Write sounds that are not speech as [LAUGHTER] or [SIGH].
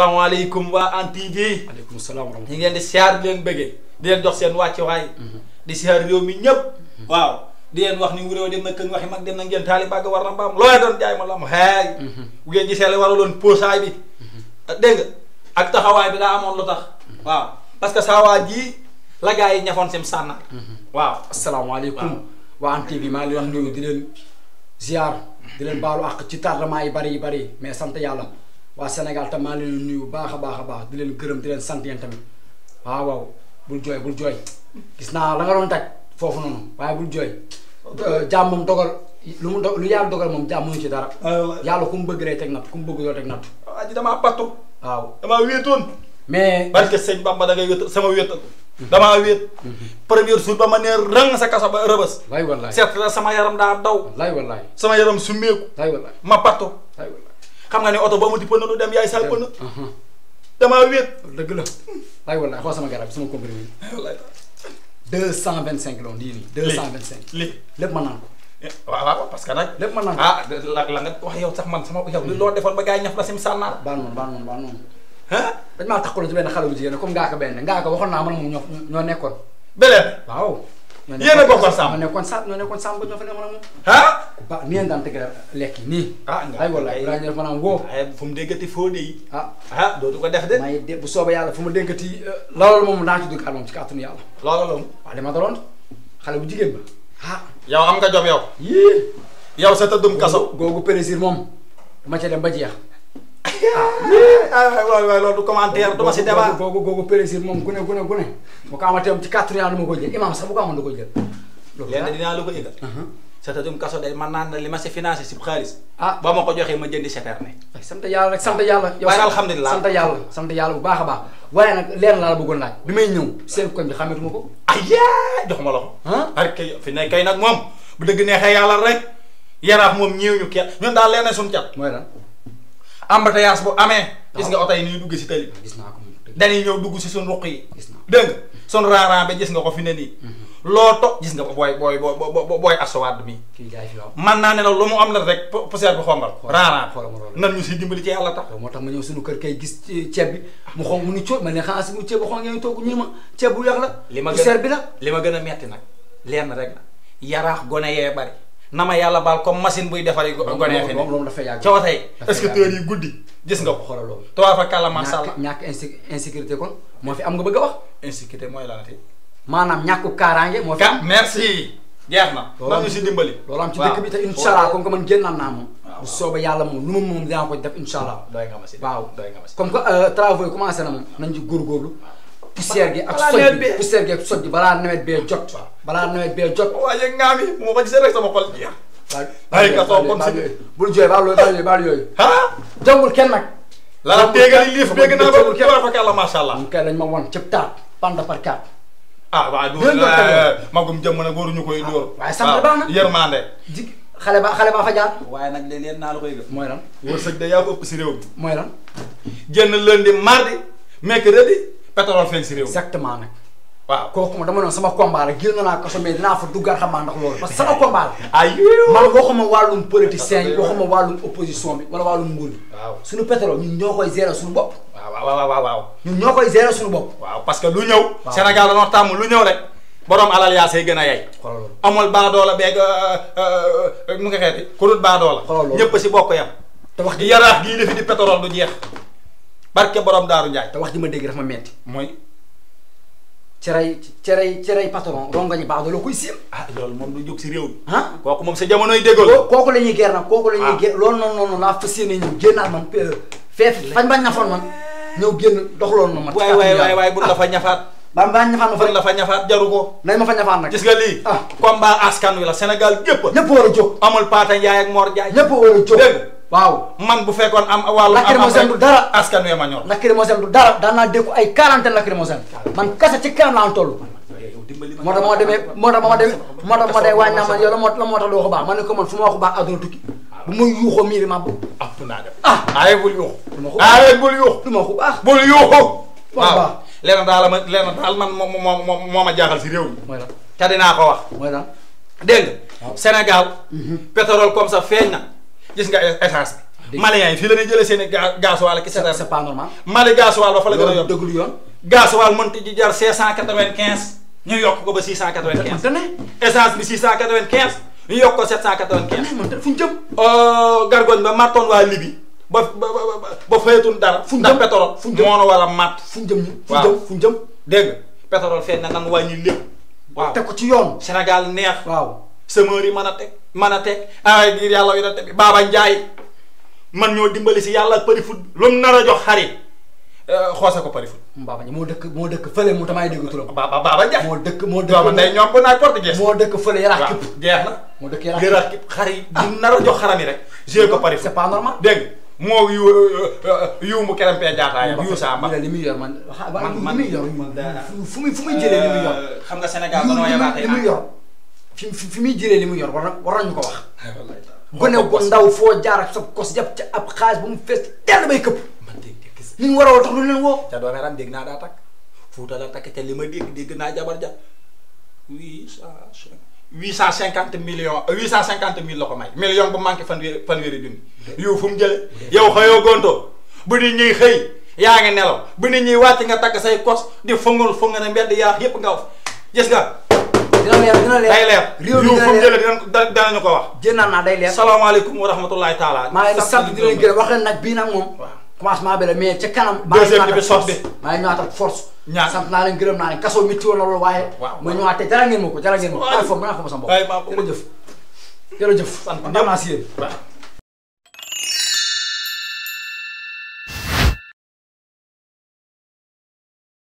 Assalamualaikum waa wa rahmatulah. ñu di siar di leen bëggee di leen jox seen wàccuwaay. Mhm. di siar réew mi ñëpp. Mhm. waaw di leen wax ni wu réew dem na kën waxi mag dem na ngeen taali bàgg war na mbaam looy doon jaay ma la mu xeey. pur mhm. ngeen gisee la waraloon poosaay bi. Ah, dégg nga ak taxawaay bi daa amoon lu tax. waaw parce que saa waa ji la gaa yi ñafoon seen waaw asalaamaaleykum. di wax ziar di leen balu àq ci tardement bari bari mais sant waa Sénégal tam maa leen nuyu baax a baax a baax di leen gërëm di leen tamit waaw bul jooy bul jooy gis naa la nga doon daj foofu noonu waaye bul jooy euh, jaam moom dogal lu mu lu yàlla dogal moom jaam ci dara. Ah, yàlla ku mu bëgg lay teg natt ku mu bëgg yoo teg natt. ah ji damaa pattu. waaw damaa wéetoon. mais barke sëñ Bamba da ngay sama wéetal. Mhm. damaa wéet. Mhm. premier jour ba ma nee rëng sa kaso ba rëbës. wallaay wallaay seet la sama yaram daa daw. wallaay wallaay sama yaram summeeku. ma pattu. xam nga ne oto boo ma di pënë du dem yaay sa pënë damaa wéet dëgg la waay wallaay xool sama garab bi sama comprimé wallaay deux cent vingt cinq loon lii nii deux cent vingt lépp mën naan ko eh, waaw waaw parce que nag lépp man naan ko ah la la nga wax yow sax man sama yow li loo defoon ba gars yi ñaf la sim sànnaar baal noonu baal noonu baal noonu ah dañ maa taxalu ci benn xale bu jigéen comme ngaa ko benn ngaa ko waxoon naa man moom ñoo ñoo nekkoon beneen yéen a bokkoon sàmm ñoo nekkoon sàmm kon nekkoon sàmm ba ñoo fa demoon ak moom. ah. ba ni ngeen daan lekk nii. ah ay walaay balaa ñu def maanaam woo. ay ah, fu mu déggati foo de yi. ah, ah ko de. may de bu soobee yàlla fu mu déggati euh, loolu moom naa ci duggaat moom ci kàttanu yàlla. loolu moom. waaw li ma daloon bu jigéen ba. ah yow am nga jom yow. yii. yow sa tëddum kaso. googu plaisir moom dama ca ba jeex. ah waaw loolu du commentaire du ma si débat. googu googu pérésil moom gune gune gune bu ko amatee ci quatre ans du ma ko jël imam sax bu ko amoon du ko jël. loolu lenn dinaa la ko yëgal. Uh-huh. satatum kaso day man naan li ma si financé si xaalis. ah boo ma ko joxee ma jëndi citerne. waaye sant yàlla rek sant yàlla. yow alhamdulilah sant yàlla sant yàlla bu baax a baax. waaye nag lenn laa la bëggoon laaj bi may ñëw seen koñ bi xamatuma ko. aywa jox ma la ko. ah kay fi ne kay nag moom bu dëgg neexee yàlla rek yaraax moom ñëw ñu kenn ñun daal lenn suñu cat. mooy lan. am embouteillage bu amee. gis nga oto yi ni ñuy dugg si tali bi. gis naa ko dañuy ñëw dugg si suñu ruq yi. gis naa suñu raaraan ba gis nga ko fi ne nii. Mhm. loo to gis nga ko booy booy booy booy asawaat bi. kii jaay fi waaw man naa ne la lu mu am na rek poussière bi xombal. raaraan nan ñu si dimbali ci yàlla tax. moo tax ma ñëw suñu kër kay gis ceeb bi mu xonk mu ni cóot ma ne xanaa suñu ceeb bu xonk ngeen toog ñu ma ceeb bu yàq li ma gën bi la. li ma gën a metti nag lenn rek la yaraax gone yee bari nama yalla bal baal comme machine buy defari gone fi ne moom dafa yàgg coow tey est-ce que teur yi goudi gis nga ko. lol loolu tubaab fa ma sha allah ñak insécurité kon mo fi am nga bëgg wax. insécurité moy la té manam ñak karangé mo fi. merci. jeexna na ñu si dimbali. lol am ci dëkk bi té inshallah allah ko man génnoon na moom. bu soobee yàlla moom lu ma ko def inshallah allah. doy nga ma si waaw doy nga ma si comme que euh, travaux commencé na mom nañ ci gorlu poussière gi ak soj bi poussière gi ak soj bi balaa nawet bee jot. balaa nawet bee jot. waaw yéen ngaa mi bu ma ko gisee rek sama xol jeex. bàyyi ka soo continué bul jooy baal yooyu baal yooyu. ah jàngul kenn nag. la teegali liif bégg naa ba kii war fa kàlla macha allah. kay dañ ma won cëb taat panda par kaat. ah waaw loolu la magum jëmm nag waruñu koy dóor. Ah, waaye sant baax na yërmande ji xale ba xale ba fa jaar. waaye nag léeg-léeg naa la koy gëm. mooy lan wërsëg de yaa ko ëpp si réew mi. mooy lan. jënd lundi mardi mercredi pétrole feeñ si réew exactement nag waaw não ma dama noonu sama combat la génn naa kaso mais dinaa fa duggaat xamaa ndax loolu parce que sama [LAUGHS] combat la ay man waxuma wàllum politicien yi waxuma wàllum opposition bi wala wàllum nguur bi waaw suñu pétrole ñun ñoo koy gérer suñu bopp waaw waaw waaw ñun ñoo koy gérer suñu bopp waaw parce que lu ñëw Sénégal dañoo tàmm lu ñëw rek borom alal yaa say gën a yay amul baadoola beeg mu euh, euh, euh, nga xeeti ku dul baadoola ñëpp si bokk yam te wax yaraax gii defi di pétrole du jeex barke borom daaru Njaay. te wax ji ma dégg dafa ma metti mooy. cere cerey cerey patron rongañu baax la koy séen. ah loolu moom du jóg si réew mi. ah kooku moom sa jamonoy déggoo. kooku la ñuy ger nag kooku la ñuy ah. ger loolu noonu noonu laa fas yéene ñu génnaat man euh, feef fañ bañ ñafoon man ma. waay waay bu la fa ñafaat. Ah. ba ba ñafaan ma fa la fa jaru ko. nañ ma fa ñafaat nag. gis nga lii. ah combat askan wi la Sénégal yëpp. war a jóg amul Paata Njaay ak Mor Njaay. ñëpp war a jóg waaw man bu fekkoon am wàllu. lacrymogène du dara askan wi ma ñor. lacrymogène du dara daan naa dékku ay quarantaine lacrymogène man kese ci kanam laa am toll. moo tax moo demee moo tax moo demee moo tax moo demee wàññi naa man yow ma ne ko man fu ma wax baax àdduna tukki bu muy yuuxoo miiri ma ah. bu daal ma lenn daal man moom moom moo ma jaaxal si réew mi te dinaa ko wax mooy lan dégg nga Sénégal mhm. pétrole comme ça feeñ na gis nga essence bi. Maliens yi fii la ñuy jëlee seen i ga gasoil ak. c'est pas normal Mali gasoil ba fa la gën a yokk dëgg yoon. gasoil mënut a jar cinq cent quatre-vingt-quinze ñu yokk ko ba six cent quatre-vingt-quinze. essence bi ko sept cent quatre-vingt-quinze. mënut fu Libi ba ba ba ba fayatun dara. fu ñu jëm ndax pétrole fu ñu jëm moo war a waaw teg ko ci yoon Sénégal neex semeur yi mën a teg mën a teg ay ngir yàlla yonent bi Baaba Njaay man ñoo dimbali si yàlla ak pari foot lu mu nar a jox xarit eh, xoose ko pari foot. Baaba Njaay moo dëkk moo dëkk fële mu damay dégg turam. Baaba Baaba Njaay moo dëkk moo dëkk Baaba Njaay ñoom ko naay portugais. dëkk fële yaraax képp waaw jeex na. moo dëkk yaraax képp yaraax képp xarit ah. lu mu jox xaram yi rek. joué ko pari foot c'est pas normal dégg moo yu euh, euh, euh, yu mu kerem pee jaataayam yu saa li muy yor man. man man fu muy fu li muy xam nga senegal dañoo yabaatee li muy fi fi muy jëlee li mu yor war war nañu ko wax. gone gu ndaw foo jaar ak sa kos jàpp ci ab xaalis bu mu fees teel bay këpp. man dégg dégg si ñu waroo tax lu leen woo. ca doon ram dégg naa daa takk Fuuta la takk te li ma dégg dégg naa jabar ja huit cent huit cent ko may. million bu manqué fanweeri fanweeri junni. yow fu mu jëlee. yow xëyoo gonto bu nit ñuy xëy. yaa ngi nelaw bu nit ñuy wàcc nga takk say kos di fongol fongol mbedd yaa yépp nga gis nga. dina leer dina leer day leer. réew mi dina leer réew fu mu jëlee dinañu ko wax. jëndaat naa day leer. salaamaaleykum wa rahmatulahi maa ngi leen di sant di leen gërëm wax leen nag bii nag moom. bi la mais ca kanam. deuxième bi bi soppi maa ngi ñëwaat ak force. ñaar sant naa leen gërëm naa mi tiwoon na loolu waaye. waaw ma te jara ngeen ma jara ngeen ma ko. waaw waaye foofu mën naa ko mos a mbokk. jërëjëf jërëjëf. sant naa si yéen